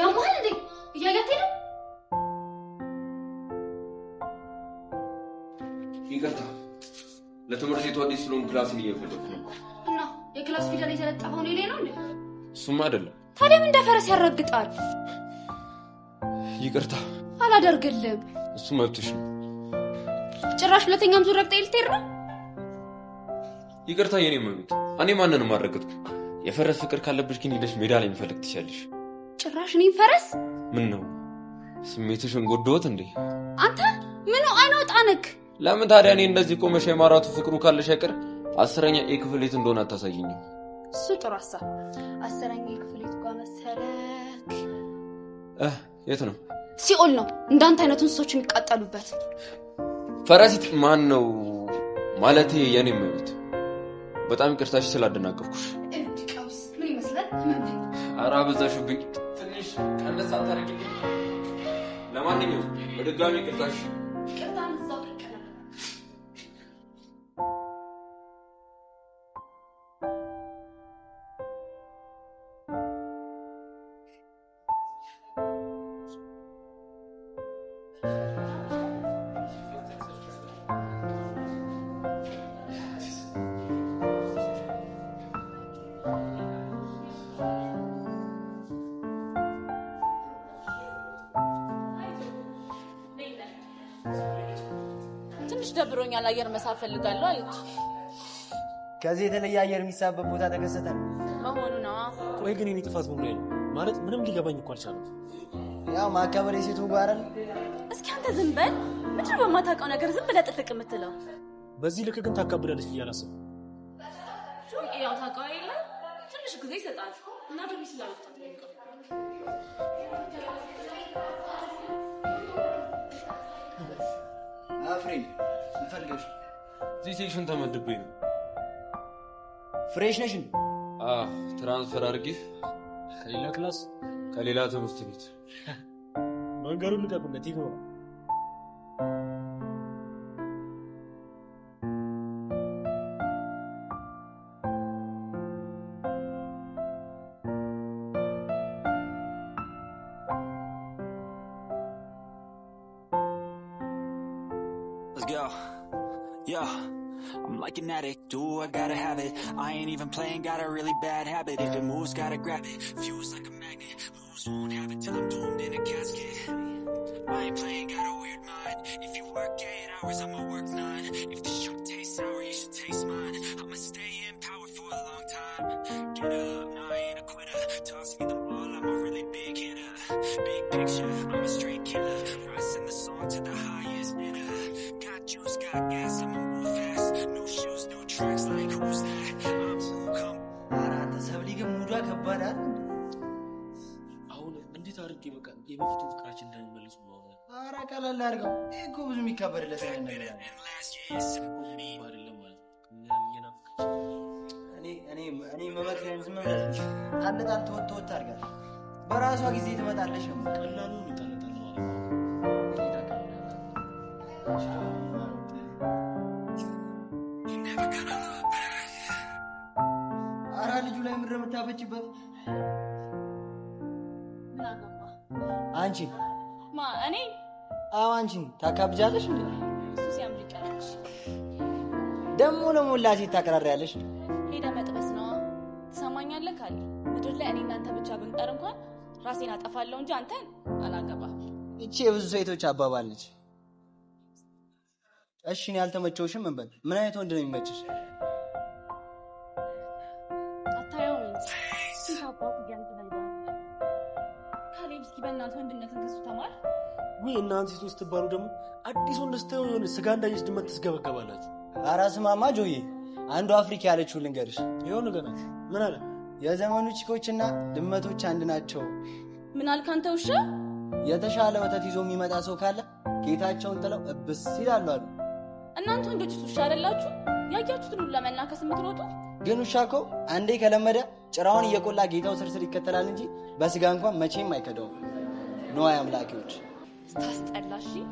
ያማል እንዴ? እያያት ነው። ይቅርታ ለትምህርት ቤቱ አዲስ ስለሆን እየፈለኩ ነው። እና የክላስ ፊደል የተለጠፈው ነው አይደለም። ታዲያ ምን ያረግጣል? ይቅርታ አላደርግልም። እሱ መብትሽ ነው። ጭራሽ ሁለተኛም ዙር ልትሄድ ነው? ይቅርታ የኔ መብት። እኔ ማንንም አልረገጥኩም። የፈረስ ፍቅር ካለብሽ ግን ሄደሽ ሜዳ ላይ የሚፈልግ ትችያለሽ። ጭራሽ እኔም ፈረስ። ምን ነው ስሜትሽ እንጎዳዎት እንዴ? አንተ ምኑ አይነ ነክ። ለምን ታዲያ እኔ እንደዚህ ቆመሽ የማራቱ ፍቅሩ ካለሽ አይቀር አስረኛ የክፍሌት እንደሆነ አታሳይኝም? እሱ ጥሩ አሳ አስረኛ የክፍሌት ጓ መሰለክ። የት ነው? ሲኦል ነው እንዳንተ አይነት እንስሶች የሚቃጠሉበት። ፈረሲት ማን ነው ማለቴ የኔ የሚሉት። በጣም ይቅርታሽ ስላደናቀፍኩሽ። ምን ይመስላል? አራ በዛሽብኝ። ቀነስ አታደርግልኝ። ለማንኛውም በድጋሚ ቅርታሽ ይለኛል። አየር መሳብ ፈልጋለሁ አለች። ከዚህ የተለየ አየር የሚሳብበት ቦታ ተከሰተ መሆኑ ነው። ቆይ ግን የኔ ጥፋት ምን ላይ ነው? ማለት ምንም ሊገባኝ እኮ አልቻለም። ያው ማካበር የሴቱ ጋርን እስኪ አንተ ዝም በል። ምንድን ነው በማታውቀው ነገር ዝም ብለህ ጥልቅ የምትለው? በዚህ ልክ ግን ታካብዳለች ብዬ አላሰብኩም። ያው ታውቀው የለ ትንሽ ጊዜ ይሰጣል እና ደግሞ ስላሉት አፍሪ ፈልገሽ እዚህ ሴክሽን ተመድቤ ነው። ፍሬሽ ነሽን? ትራንስፈር አድርጌሽ ከሌላ ክላስ ከሌላ ትምህርት ቤት መንገዱን ልቀቁለት ይግባ። I ain't even playing, got a really bad habit. If it moves, gotta grab it. Fuse like a magnet, lose, won't have it till I'm doomed in a casket. I ain't playing, got a weird mind. If you work eight hours, I'ma work nine. If the shit tastes sour, you should taste mine. I'ma stay in power for a long time. Get up. ቤታችን እንደሚመልሱ ነው። ኧረ ቀለል አድርገው። ይህ እኮ ብዙ የሚካበድለት እኔ መመክረን ዝም በራሷ ጊዜ ትመጣለሽ። ነው ቀላሉ አራ ልጁ ላይ ምድረ የምታበችበት አንቺ ማ እኔ አዎ፣ አንቺን ታካብጃለሽ እንዴ? እሱ ያምልጫለሽ። ደግሞ ለሞላ ሴት ታቀራሪያለሽ። ሄደ መጥበስ ነዋ። ትሰማኛለህ ካለ ምድር ላይ እኔ እናንተ ብቻ ብንቀር እንኳን ራሴን አጠፋለሁ እንጂ አንተን አላገባም። እቺ የብዙ ሴቶች አባባል ነች። እሺ እኔ አልተመቸውሽም እንበል። ምን አይነት ወንድ ነው የሚመችሽ? አታየውም? ካሌብ እስኪ በእናትህ ወንድ ወይ እናንተ ሴቶች ስትባሉ ደግሞ አዲሱን ስታዩ የሆነ ስጋ እንዳየች ድመት ትስገበገባላችሁ። ኧረ ስማማ ጆዬ፣ አንዱ አፍሪካ ያለችው ልንገርሽ። ይኸው ንገናት። ምን አለ? የዘመኑ ቺኮችና ድመቶች አንድ ናቸው። ምን አልክ አንተ ውሻ? የተሻለ ወተት ይዞ የሚመጣ ሰው ካለ ጌታቸውን ጥለው እብስ ይላሉ አሉ። እናንተ ወንዶች ውሻ አይደላችሁ? ያያችሁትን ሁሉ ለመናከስ የምትሮጡ ግን ውሻ እኮ አንዴ ከለመደ ጭራውን እየቆላ ጌታው ስርስር ይከተላል እንጂ በስጋ እንኳን መቼም አይከደውም። ነዋይ አምላኪዎች Ist das ein Laschi?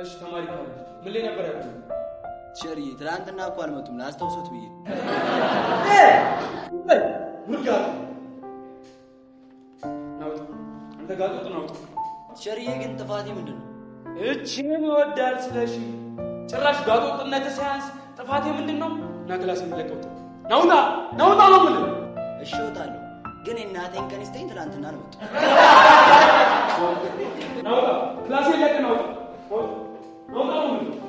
እሺ ተማሪ ካለች ምን ላይ ነበር ያለው? ቸሪ ትናንትና እኮ አልመጡም ላስታውሶት ብዬ ተጋጡት ነው። ቸርዬ ግን ጥፋቴ ምንድን ነው? እችንም ይወዳል ስለሽ ጭራሽ ጋጦጥነት ሳያንስ ጥፋቴ ምንድን ነው? እና ክላስ የሚለቀውት ነውና ነውና ነው የምልህ። እሺ እወጣለሁ፣ ግን የእናቴን ቀን ይስጠኝ። ትናንትና አልመጡም። ናውጣ ክላስ የለቅ ናውጣ Vamos dá um.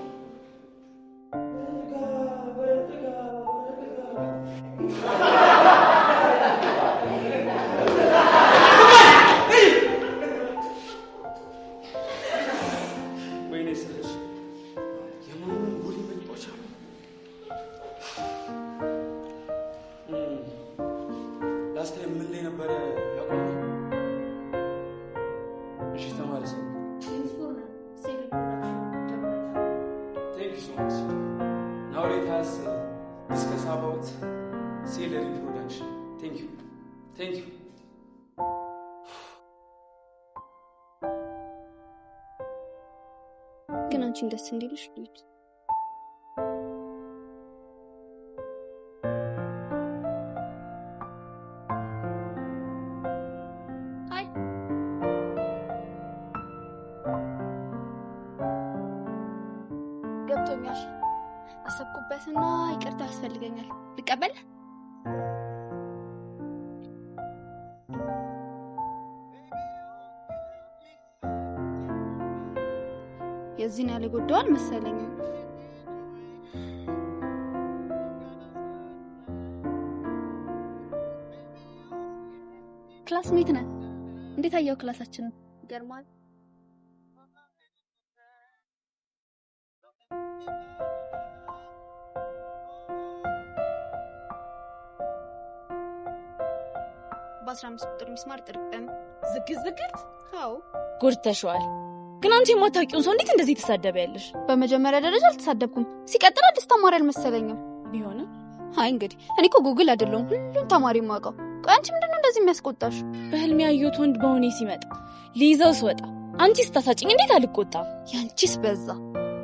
ግን አንቺን ደስ እንዲልሽ ልዩት እዚህን ያለ ጎደዋል መሰለኝ። ክላስሜት ነን እንዴት አየው ክላሳችን ገርማል በአስራ ቁጥር ሚስማር ጥርቅም ዝግዝግት። አዎ ጎድተሸዋል። ግን አንቺ የማታውቂውን ሰው እንዴት እንደዚህ የተሳደበ ያለሽ? በመጀመሪያ ደረጃ አልተሳደብኩም። ሲቀጥል አዲስ ተማሪ አልመሰለኝም። ቢሆንም አይ እንግዲህ እኔ እኮ ጉግል አይደለሁም ሁሉም ተማሪ ማውቀው። ቆይ አንቺ ምንድነው እንደዚህ የሚያስቆጣሽ? በህልሜ ያየሁት ወንድ በሆኔ ሲመጣ ሊይዘው ስወጣ አንቺ ስታሳጭኝ እንዴት አልቆጣም? ያንቺስ በዛ።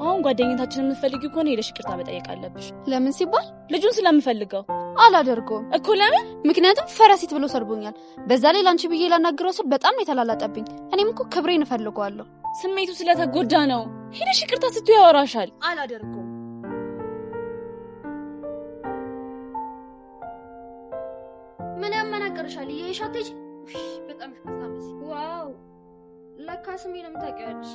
አሁን ጓደኝነታችን የምትፈልጊው ከሆነ ሄደሽ ይቅርታ መጠየቅ አለብሽ። ለምን ሲባል ልጁን ስለምፈልገው አላደርገውም እኮ። ለምን? ምክንያቱም ፈረሲት ብሎ ሰርቦኛል። በዛ ላይ ላንቺ ብዬ ላናግረው ስል በጣም ነው የተላላጠብኝ። እኔም እኮ ክብሬን እፈልገዋለሁ። ስሜቱ ስለተጎዳ ነው። ሄደሽ ይቅርታ ስትይ ያወራሻል። አላደርገውም። ምን ያመናገርሻል? የሻት ልጅ በጣም ዋው። ለካ ስሜንም ታውቂያለሽ።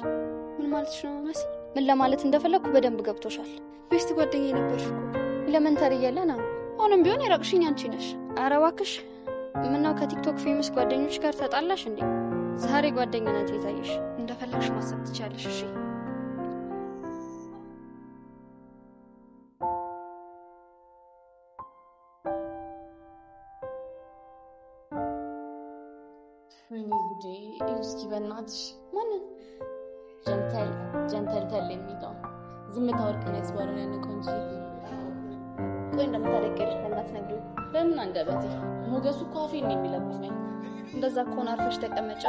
ምን ማለትሽ ነው? መሲ ምን ለማለት እንደፈለግኩ በደንብ ገብቶሻል። ቤስት ጓደኛ ነበርሽ እኮ ኤሌመንተሪ እያለን አሁንም ቢሆን የራቅሽኝ አንቺ ነሽ። ኧረ እባክሽ ምነው ከቲክቶክ ፌመስ ጓደኞች ጋር ተጣላሽ እንዴ? ዛሬ ጓደኝነት የታየሽ እንደፈለግሽ ማሰብ ትቻለሽ። እሺ እስኪ በእናትሽ ጀንተል የሚለው ዝምታ ወርቅ ነው ያነቀው እንጂ ቆይ በእናት ነግሪው በምን አንደበቴ ሞገሱ እኮ ነው የሚለብሰኝ እንደዛ ከሆነ አርፈሽ ተቀመጫ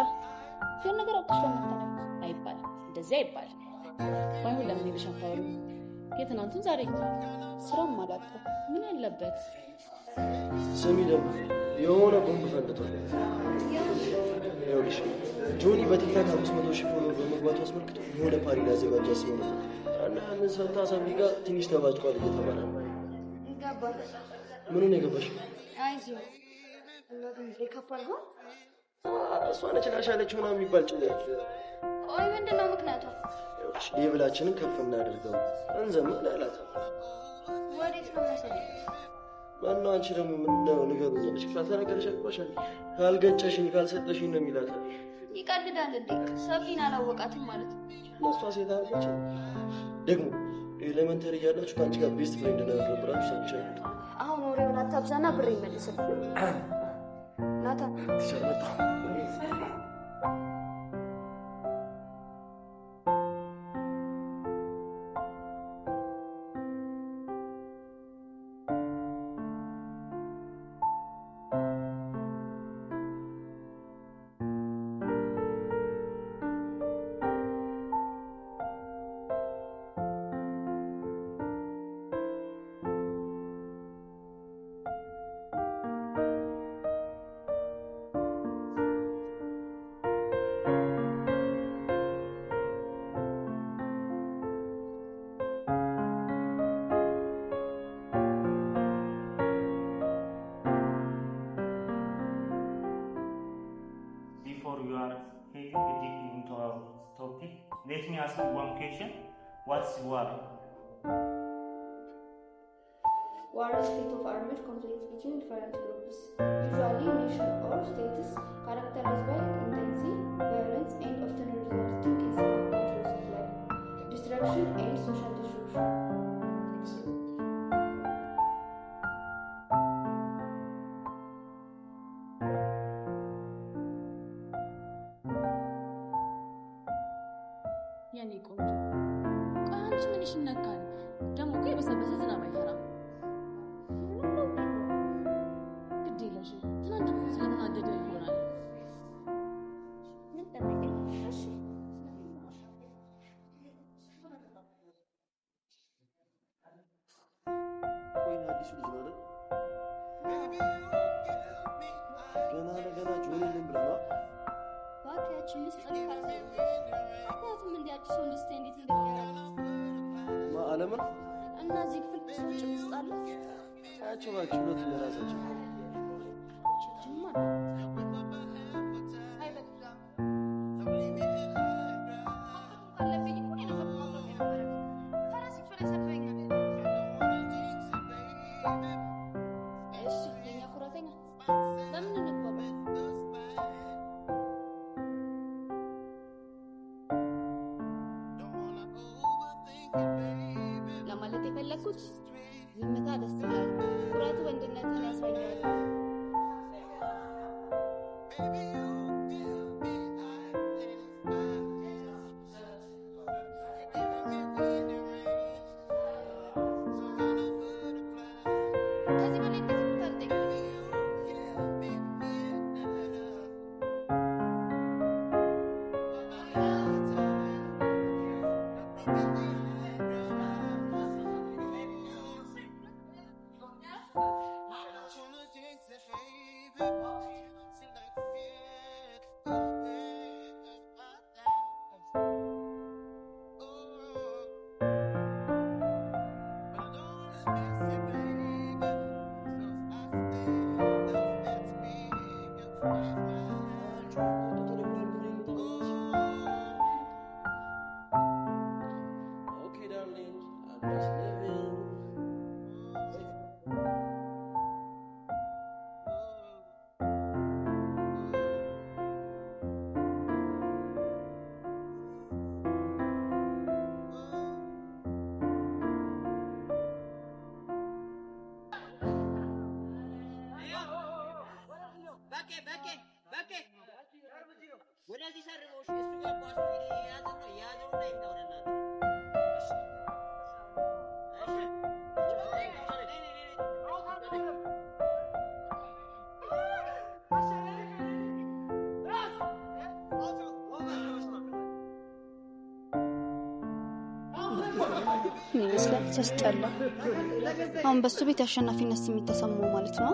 ሲሆን ነገር አውጥሽ ለማታነት አይባል እንደዚያ አይባልም። ባይሆን ለምን ይልሽ አታወሪ የትናንቱን ዛሬ ስራም አላጣ ምን አለበት? ስሚ ደግሞ የሆነ ቦምብ ፈንድቷል። ይኸውልሽ ጆኒ በቲክታክ አምስት መቶ ሺህ ፎሎ በመግባቱ አስመልክቶ የሆነ ፓሪ ላዘጋጃ ሲሆነ እና ምንሰታ ሰሚ ጋር ትንሽ ተባጭቋል እየተባለ ምኑን የገባሽ? አይዞህ እሷ ነች ላሻለች ምናምን የሚባል ጭነት። ቆይ ምንድን ነው ምክንያቱ? ሌብላችንን ከፍ እናደርገው እንዘምን አላት። ወዴት ነው ማነው? አንቺ ደግሞ ምንድነው ንገሩኛለች። ካልተናገረሽ አልኳሻል፣ ካልገጨሽኝ፣ ካልሰጠሽኝ ነው የሚላት። ይቀልዳል እንዴ? ሰፊን አላወቃትም ማለት ነው። ለእሷ ሴት አለች ደግሞ ኤሌመንተሪ እያላችሁ ከአንቺ ጋር ቤስት ፍሬንድ ነበር ብላችሁ ሰምቻለሁ። አሁን ወሬውን አታብዛና ብር ይመልስልኝ። 老大。let me ask you one question. What's war? War is state of armed conflict between different groups, usually nation or states, characterized by intense violence and often resulting in severe matters of life, destruction and social Menschen, wenn ich ihn erkannt. Dann okay, was ist denn aber አለም ነው እና እዚህ ክፍል ብዙ ጭምስጣለ ያቸው ባቸው ሁለቱ የራሳቸው በቄ በቄ በቄ ወደዚህ እሱ ይመስላል? ሲያስጠላ። አሁን በሱ ቤት አሸናፊነት ስሜት ተሰማው ማለት ነው።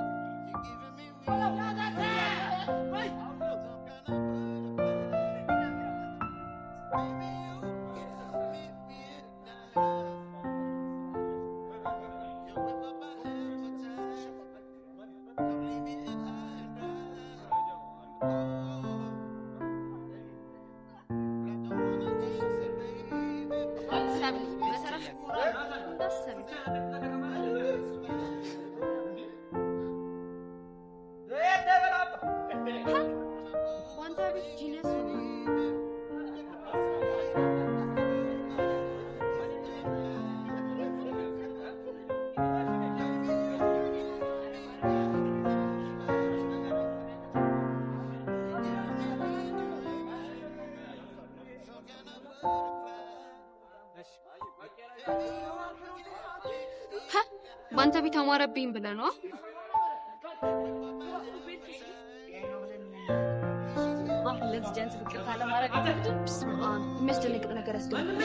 ተማረብኝ ብለህ ነው? ለዚህ ጀንስ ፍቅር ካለማድረግ የሚያስደነግጥ ነገር ያስደነግጥ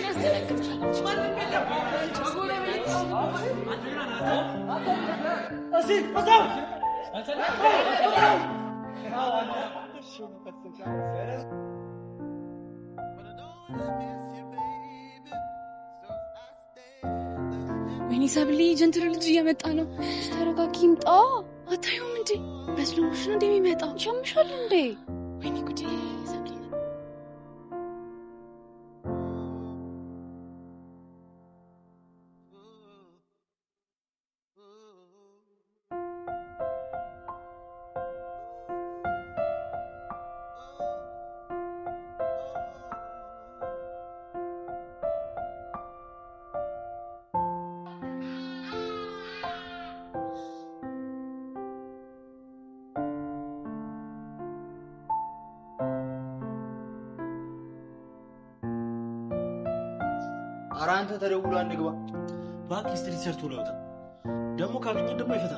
ሰብሊ ጀንትር ልጅ እየመጣ ነው። ተረጋጊ። ይምጣ። አታዩም እንዴ? በስሎሞሽ ነው እንደሚመጣ ሸምሻል እንዴ? ወይኔ ጉዴ ኧረ አንተ ተደውሎ አንግባ ባክ ስትሪት ሰርቶ ለውጣ ደግሞ ካገኘን ደግሞ ይፈታ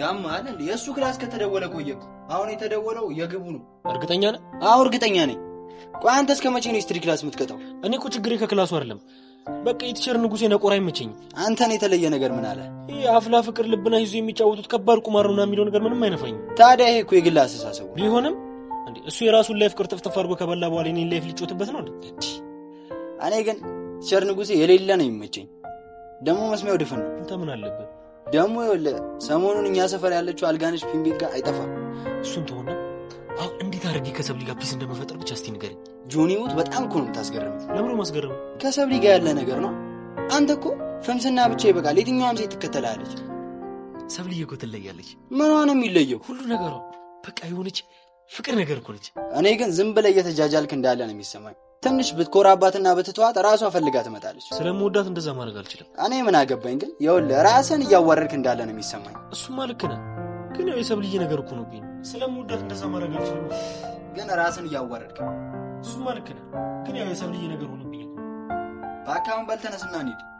ያም አለ የእሱ ክላስ ከተደወለ ቆየኩ አሁን የተደወለው የግቡ ነው። እርግጠኛ ነህ? አዎ እርግጠኛ ነኝ። ቆይ አንተ እስከ መቼ ነው ስትሪት ክላስ የምትቀጣው? እኔ እኮ ችግሬ ከክላሱ አይደለም። በቃ የቲቸር ንጉሴ ነቆር አይመቸኝም። አንተን የተለየ ነገር ምን አለ? ይህ አፍላ ፍቅር ልብና ይዞ የሚጫወቱት ከባድ ቁማር ነውና የሚለው ነገር ምንም አይነፋኝ ታዲያ ይሄ እኮ የግል አስተሳሰቡ ቢሆንም እሱ የራሱን ላይፍ ቅርጥፍ አድርጎ ከበላ በኋላ የኔን ላይፍ ሊጮትበት ነው። እኔ ግን ቲቸር ንጉሴ የሌለ ነው የሚመቸኝ። ደግሞ መስሚያው ድፍን ነው። አንተ ምን አለብህ ደግሞ? ሰሞኑን እኛ ሰፈር ያለችው አልጋነሽ ፒምቤት ጋር አይጠፋም። እሱን ተሆነ አሁን እንዴት አድርጌ ከሰብሊ ጋር ፒስ እንደመፈጠር ብቻ እስቲ ንገረኝ። ጆኒውት በጣም እኮ ነው የምታስገርመው። ለምሮ ማስገርመ ከሰብሊ ጋር ያለ ነገር ነው። አንተ እኮ ፍምስና ብቻ ይበቃል። የትኛዋም ሴት ትከተላለች። ሰብሊ እኮ ትለያለች። ምኗ ነው የሚለየው? ሁሉ ነገሯ በቃ የሆነች ፍቅር ነገር እኮ ነች። እኔ ግን ዝም ብለህ እየተጃጃልክ እንዳለ ነው የሚሰማኝ። ትንሽ ብትኮራባትና ብትተዋት ራሷ ፈልጋ ትመጣለች። ስለምወዳት እንደዛ ማድረግ አልችልም። እኔ ምን አገባኝ? ግን ይኸውልህ ራስን እያዋረድክ እንዳለ ነው የሚሰማኝ። እሱማ ልክ ነህ፣ ግን ያው የሰብ ልጅ ነገር እኮ ነው። ስለምወዳት እንደዛ ማድረግ አልችልም። ግን ራስን እያዋረድክ እሱማ ልክ ነህ፣ ግን ያው የሰብ ልጅ ነገር ሆኖብኝ። እባክህ አሁን በልተነስና እንሂድ።